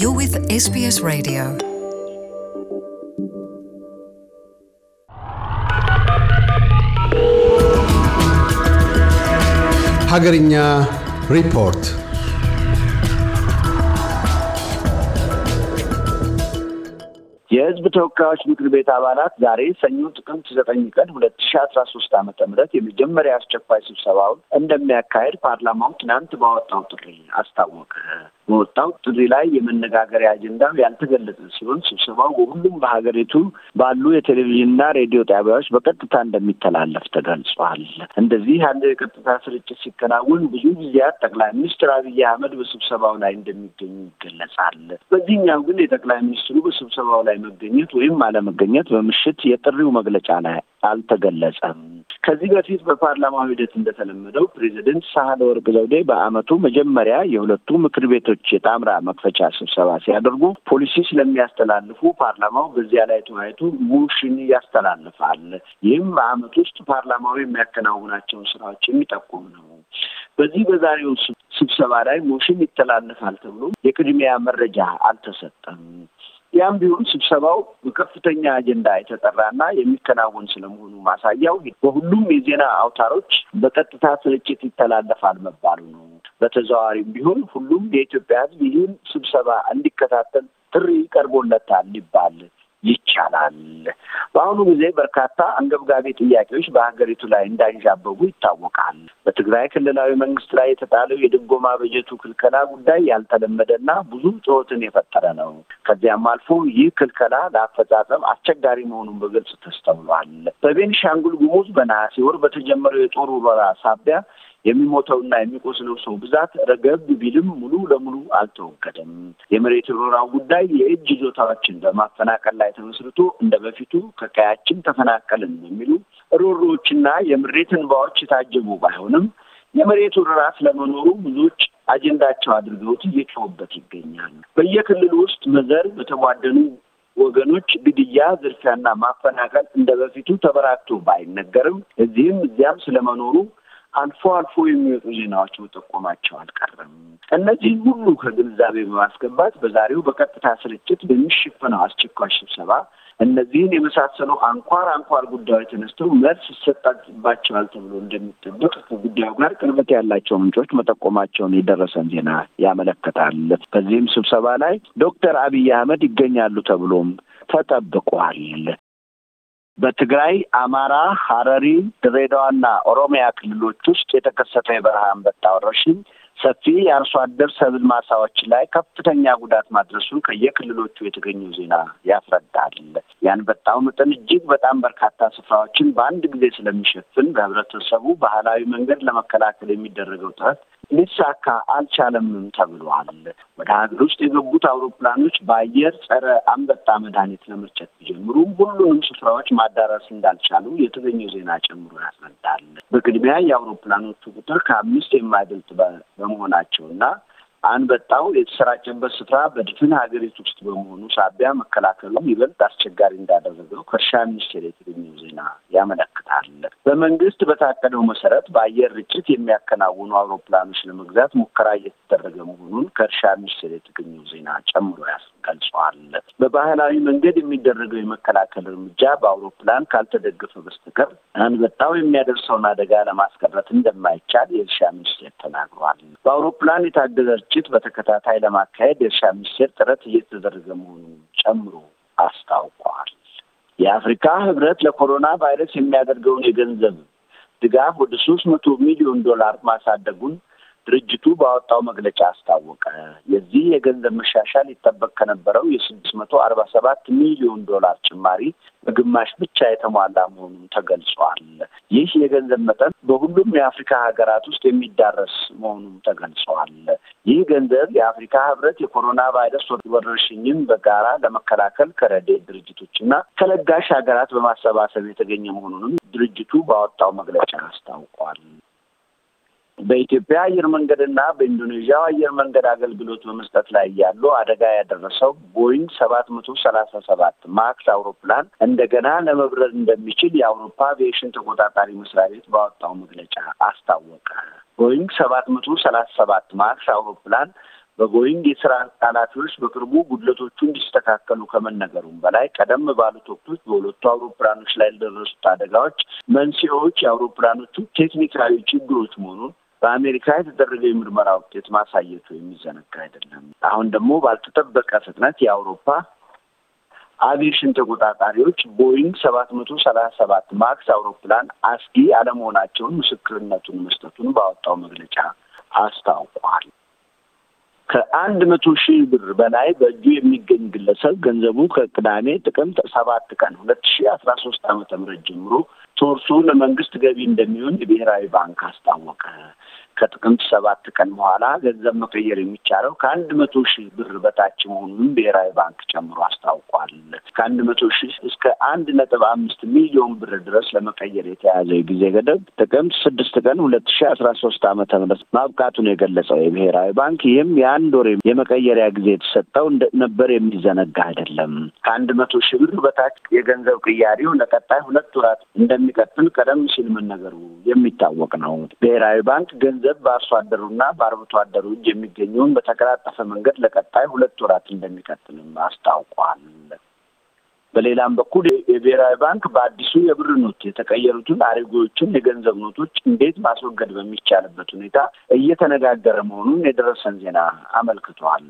You're with SBS Radio. ሀገርኛ ሪፖርት የህዝብ ተወካዮች ምክር ቤት አባላት ዛሬ ሰኞ ጥቅምት ዘጠኝ ቀን ሁለት ሺ አስራ ሶስት አመተ ምህረት የመጀመሪያ አስቸኳይ ስብሰባውን እንደሚያካሄድ ፓርላማው ትናንት ባወጣው ጥሪ አስታወቀ። በወጣው ጥሪ ላይ የመነጋገሪያ አጀንዳው ያልተገለጸ ሲሆን ስብሰባው በሁሉም በሀገሪቱ ባሉ የቴሌቪዥንና ሬዲዮ ጣቢያዎች በቀጥታ እንደሚተላለፍ ተገልጿል። እንደዚህ ያለ የቀጥታ ስርጭት ሲከናወን ብዙ ጊዜያት ጠቅላይ ሚኒስትር አብይ አህመድ በስብሰባው ላይ እንደሚገኙ ይገለጻል። በዚህኛው ግን የጠቅላይ ሚኒስትሩ በስብሰባው ላይ መገኘት ወይም አለመገኘት በምሽት የጥሪው መግለጫ ላይ አልተገለጸም። ከዚህ በፊት በፓርላማው ሂደት እንደተለመደው ፕሬዚደንት ወርቅ ዘውዴ በአመቱ መጀመሪያ የሁለቱ ምክር ቤቶች የጣምራ መክፈቻ ስብሰባ ሲያደርጉ ፖሊሲ ስለሚያስተላልፉ ፓርላማው በዚያ ላይ ተወያይቶ ሙሽን ያስተላልፋል። ይህም በአመት ውስጥ ፓርላማው የሚያከናውናቸውን ስራዎች የሚጠቁም ነው። በዚህ በዛሬው ስብሰባ ላይ ሙሽን ይተላለፋል ተብሎ የቅድሚያ መረጃ አልተሰጠም። ያም ቢሆን ስብሰባው በከፍተኛ አጀንዳ የተጠራና የሚከናወን ስለመሆኑ ማሳያው በሁሉም የዜና አውታሮች በቀጥታ ስርጭት ይተላለፋል መባሉ ነው። በተዘዋዋሪም ቢሆን ሁሉም የኢትዮጵያ ሕዝብ ይህን ስብሰባ እንዲከታተል ጥሪ ቀርቦለታል ይባል ይቻላል። በአሁኑ ጊዜ በርካታ አንገብጋቢ ጥያቄዎች በሀገሪቱ ላይ እንዳንዣበቡ ይታወቃል። በትግራይ ክልላዊ መንግስት ላይ የተጣለው የድጎማ በጀቱ ክልከላ ጉዳይ ያልተለመደና ብዙ ጩኸትን የፈጠረ ነው። ከዚያም አልፎ ይህ ክልከላ ለአፈጻጸም አስቸጋሪ መሆኑን በግልጽ ተስተውሏል። በቤንሻንጉል ጉሙዝ በነሐሴ ወር በተጀመረው የጦር ወረራ ሳቢያ የሚሞተውና የሚቆስለው ሰው ብዛት ረገብ ቢልም ሙሉ ለሙሉ አልተወገደም። የመሬት ወረራው ጉዳይ የእጅ ይዞታዎችን በማፈናቀል ላይ ተመስርቶ እንደ በፊቱ ከቀያችን ተፈናቀልን የሚሉ ሮሮዎችና የምሬት እንባዎች የታጀቡ ባይሆንም የመሬት ወረራ ስለመኖሩ ብዙዎች አጀንዳቸው አድርገውት እየጮሁበት ይገኛል። በየክልሉ ውስጥ መዘር በተሟደኑ ወገኖች ግድያ፣ ዝርፊያና ማፈናቀል እንደ በፊቱ ተበራክቶ ባይነገርም እዚህም እዚያም ስለመኖሩ አልፎ አልፎ የሚወጡ ዜናዎች መጠቆማቸው አልቀረም። እነዚህን ሁሉ ከግንዛቤ በማስገባት በዛሬው በቀጥታ ስርጭት በሚሸፈነው አስቸኳይ ስብሰባ እነዚህን የመሳሰሉ አንኳር አንኳር ጉዳዮች ተነስተው መልስ ይሰጣባቸዋል ተብሎ እንደሚጠበቅ ከጉዳዩ ጋር ቅርበት ያላቸው ምንጮች መጠቆማቸውን የደረሰን ዜና ያመለክታል። በዚህም ስብሰባ ላይ ዶክተር አብይ አህመድ ይገኛሉ ተብሎም ተጠብቋል። በትግራይ፣ አማራ፣ ሀረሪ ድሬዳዋና ኦሮሚያ ክልሎች ውስጥ የተከሰተ የበረሃ አንበጣ ወረርሽኝ ሰፊ የአርሶ አደር ሰብል ማሳዎች ላይ ከፍተኛ ጉዳት ማድረሱን ከየክልሎቹ የተገኙ ዜና ያስረዳል። የአንበጣው መጠን እጅግ በጣም በርካታ ስፍራዎችን በአንድ ጊዜ ስለሚሸፍን በህብረተሰቡ ባህላዊ መንገድ ለመከላከል የሚደረገው ጥረት ሊሳካ አልቻለም ተብሏል። ወደ ሀገር ውስጥ የገቡት አውሮፕላኖች በአየር ጸረ አንበጣ መድኃኒት ለመርጨት ቢጀምሩም ሁሉንም ስፍራዎች ማዳረስ እንዳልቻሉ የተገኘው ዜና ጨምሮ ያስረዳል። በቅድሚያ የአውሮፕላኖቹ ቁጥር ከአምስት የማይበልጥ በመሆናቸው እና አንበጣው የተሰራጨበት ስፍራ በድፍን ሀገሪቱ ውስጥ በመሆኑ ሳቢያ መከላከሉ ይበልጥ አስቸጋሪ እንዳደረገው ከእርሻ ሚኒስቴር የተገኘው ዜና ያመለክታል። ስርዓት አለ። በመንግስት በታቀደው መሰረት በአየር ርጭት የሚያከናውኑ አውሮፕላኖች ለመግዛት ሙከራ እየተደረገ መሆኑን ከእርሻ ሚኒስቴር የተገኘው ዜና ጨምሮ ገልጸዋል። በባህላዊ መንገድ የሚደረገው የመከላከል እርምጃ በአውሮፕላን ካልተደገፈ በስተቀር አንበጣው የሚያደርሰውን አደጋ ለማስቀረት እንደማይቻል የእርሻ ሚኒስቴር ተናግሯል። በአውሮፕላን የታገዘ ርጭት በተከታታይ ለማካሄድ የእርሻ ሚኒስቴር ጥረት እየተደረገ መሆኑን ጨምሮ አስታውቋል። የአፍሪካ ህብረት ለኮሮና ቫይረስ የሚያደርገውን የገንዘብ ድጋፍ ወደ ሶስት መቶ ሚሊዮን ዶላር ማሳደጉን ድርጅቱ ባወጣው መግለጫ አስታወቀ። የዚህ የገንዘብ መሻሻል ይጠበቅ ከነበረው የስድስት መቶ አርባ ሰባት ሚሊዮን ዶላር ጭማሪ በግማሽ ብቻ የተሟላ መሆኑን ተገልጿል። ይህ የገንዘብ መጠን በሁሉም የአፍሪካ ሀገራት ውስጥ የሚዳረስ መሆኑን ተገልጿል። ይህ ገንዘብ የአፍሪካ ህብረት የኮሮና ቫይረስ ወረርሽኝን በጋራ ለመከላከል ድርጅቶች ድርጅቶችና ከለጋሽ ሀገራት በማሰባሰብ የተገኘ መሆኑንም ድርጅቱ ባወጣው መግለጫ አስታውቋል። በኢትዮጵያ አየር መንገድና በኢንዶኔዥያ አየር መንገድ አገልግሎት በመስጠት ላይ ያሉ አደጋ ያደረሰው ቦይንግ ሰባት መቶ ሰላሳ ሰባት ማክስ አውሮፕላን እንደገና ለመብረር እንደሚችል የአውሮፓ አቪዬሽን ተቆጣጣሪ መስሪያ ቤት ባወጣው መግለጫ አስታወቀ። ቦይንግ ሰባት መቶ ሰላሳ ሰባት ማክስ አውሮፕላን በቦይንግ የስራ ኃላፊዎች በቅርቡ ጉድለቶቹ እንዲስተካከሉ ከመነገሩም በላይ ቀደም ባሉት ወቅቶች በሁለቱ አውሮፕላኖች ላይ ለደረሱት አደጋዎች መንስኤዎች የአውሮፕላኖቹ ቴክኒካዊ ችግሮች መሆኑን በአሜሪካ የተደረገው የምርመራ ውጤት ማሳየቱ የሚዘነጋ አይደለም። አሁን ደግሞ ባልተጠበቀ ፍጥነት የአውሮፓ አቪዬሽን ተቆጣጣሪዎች ቦይንግ ሰባት መቶ ሰላሳ ሰባት ማክስ አውሮፕላን አስጊ አለመሆናቸውን ምስክርነቱን መስጠቱን ባወጣው መግለጫ አስታውቋል። ከአንድ መቶ ሺህ ብር በላይ በእጁ የሚገኝ ግለሰብ ገንዘቡ ከቅዳሜ ጥቅምት ሰባት ቀን ሁለት ሺህ አስራ ሶስት ዓመተ ምህረት ጀምሮ ተወርሶ ለመንግስት ገቢ እንደሚሆን የብሔራዊ ባንክ አስታወቀ። ከጥቅምት ሰባት ቀን በኋላ ገንዘብ መቀየር የሚቻለው ከአንድ መቶ ሺህ ብር በታች መሆኑንም ብሔራዊ ባንክ ጨምሮ አስታውቋል። ከአንድ መቶ ሺህ እስከ አንድ ነጥብ አምስት ሚሊዮን ብር ድረስ ለመቀየር የተያዘው የጊዜ ገደብ ጥቅምት ስድስት ቀን ሁለት ሺህ አስራ ሶስት ዓመተ ምህረት ማብቃቱን የገለጸው የብሔራዊ ባንክ ይህም የአንድ ወር የመቀየሪያ ጊዜ የተሰጠው ነበር የሚዘነጋ አይደለም። ከአንድ መቶ ሺህ ብር በታች የገንዘብ ቅያሪው ለቀጣይ ሁለት ወራት እንደሚቀጥል ቀደም ሲል መነገሩ የሚታወቅ ነው። ብሔራዊ ባንክ ገንዘብ ገንዘብ በአርሶ አደሩና በአርብቶ አደሩ እጅ የሚገኘውን በተቀላጠፈ መንገድ ለቀጣይ ሁለት ወራት እንደሚቀጥልም አስታውቋል። በሌላም በኩል የብሔራዊ ባንክ በአዲሱ የብር ኖት የተቀየሩትን አሬጎዎችን የገንዘብ ኖቶች እንዴት ማስወገድ በሚቻልበት ሁኔታ እየተነጋገረ መሆኑን የደረሰን ዜና አመልክቷል።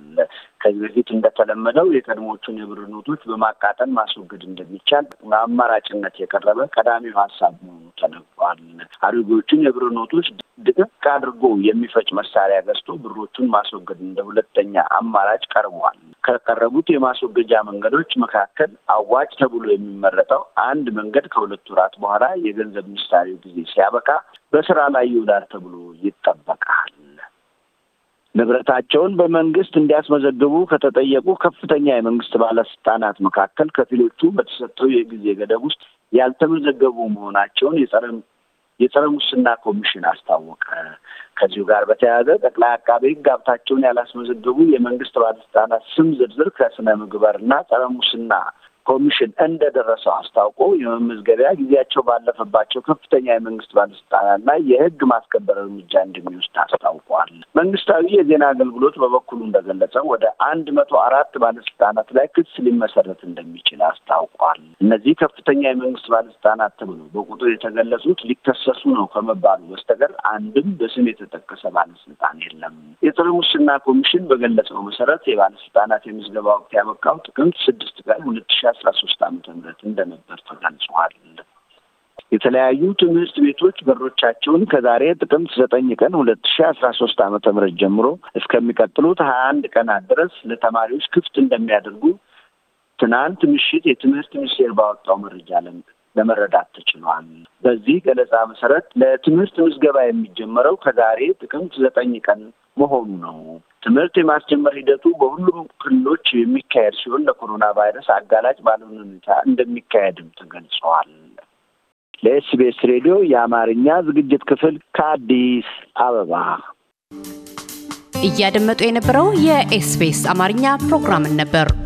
ከዚህ በፊት እንደተለመደው የቀድሞቹን የብር ኖቶች በማቃጠል ማስወገድ እንደሚቻል በአማራጭነት የቀረበ ቀዳሚው ሀሳብ መሆኑ ተነግሯል። ተጠቅሟል። አድርጎቹን የብር ኖቶች ድቅቅ አድርጎ የሚፈጭ መሳሪያ ገዝቶ ብሮቹን ማስወገድ እንደ ሁለተኛ አማራጭ ቀርቧል። ከቀረቡት የማስወገጃ መንገዶች መካከል አዋጭ ተብሎ የሚመረጠው አንድ መንገድ ከሁለት ወራት በኋላ የገንዘብ ምሳሌው ጊዜ ሲያበቃ በስራ ላይ ይውላል ተብሎ ይጠበቃል። ንብረታቸውን በመንግስት እንዲያስመዘግቡ ከተጠየቁ ከፍተኛ የመንግስት ባለስልጣናት መካከል ከፊሎቹ በተሰጠው የጊዜ ገደብ ውስጥ ያልተመዘገቡ መሆናቸውን የጸረ የጸረ ሙስና ኮሚሽን አስታወቀ። ከዚሁ ጋር በተያያዘ ጠቅላይ አቃቤ ሕግ ሀብታቸውን ያላስመዘገቡ የመንግስት ባለስልጣናት ስም ዝርዝር ከስነ ምግባርና ጸረ ሙስና ኮሚሽን እንደደረሰው አስታውቆ የመመዝገቢያ ጊዜያቸው ባለፈባቸው ከፍተኛ የመንግስት ባለስልጣናት ላይ የህግ ማስከበር እርምጃ እንደሚወስድ አስታውቋል። መንግስታዊ የዜና አገልግሎት በበኩሉ እንደገለጸው ወደ አንድ መቶ አራት ባለስልጣናት ላይ ክስ ሊመሰረት እንደሚችል አስታውቋል። እነዚህ ከፍተኛ የመንግስት ባለስልጣናት ተብለው በቁጥር የተገለጹት ሊከሰሱ ነው ከመባሉ በስተቀር አንድም በስም የተጠቀሰ ባለስልጣን የለም። የጸረ ሙስና ኮሚሽን በገለጸው መሰረት የባለስልጣናት የምዝገባ ወቅት ያበቃው ጥቅምት ስድስት ቀን ሁለት ሺ አስራ ሶስት ዓመተ ምህረት እንደነበር ተገልጿል። የተለያዩ ትምህርት ቤቶች በሮቻቸውን ከዛሬ ጥቅምት ዘጠኝ ቀን ሁለት ሺ አስራ ሶስት ዓመተ ምህረት ጀምሮ እስከሚቀጥሉት ሀያ አንድ ቀናት ድረስ ለተማሪዎች ክፍት እንደሚያደርጉ ትናንት ምሽት የትምህርት ሚኒስቴር ባወጣው መረጃ ለመረዳት ተችሏል። በዚህ ገለጻ መሰረት ለትምህርት ምዝገባ የሚጀመረው ከዛሬ ጥቅምት ዘጠኝ ቀን መሆኑ ነው። ትምህርት የማስጀመር ሂደቱ በሁሉም ክልሎች የሚካሄድ ሲሆን ለኮሮና ቫይረስ አጋላጭ ባለሆነ ሁኔታ እንደሚካሄድም ተገልጸዋል። ለኤስቢኤስ ሬዲዮ የአማርኛ ዝግጅት ክፍል ከአዲስ አበባ። እያደመጡ የነበረው የኤስቢኤስ አማርኛ ፕሮግራምን ነበር።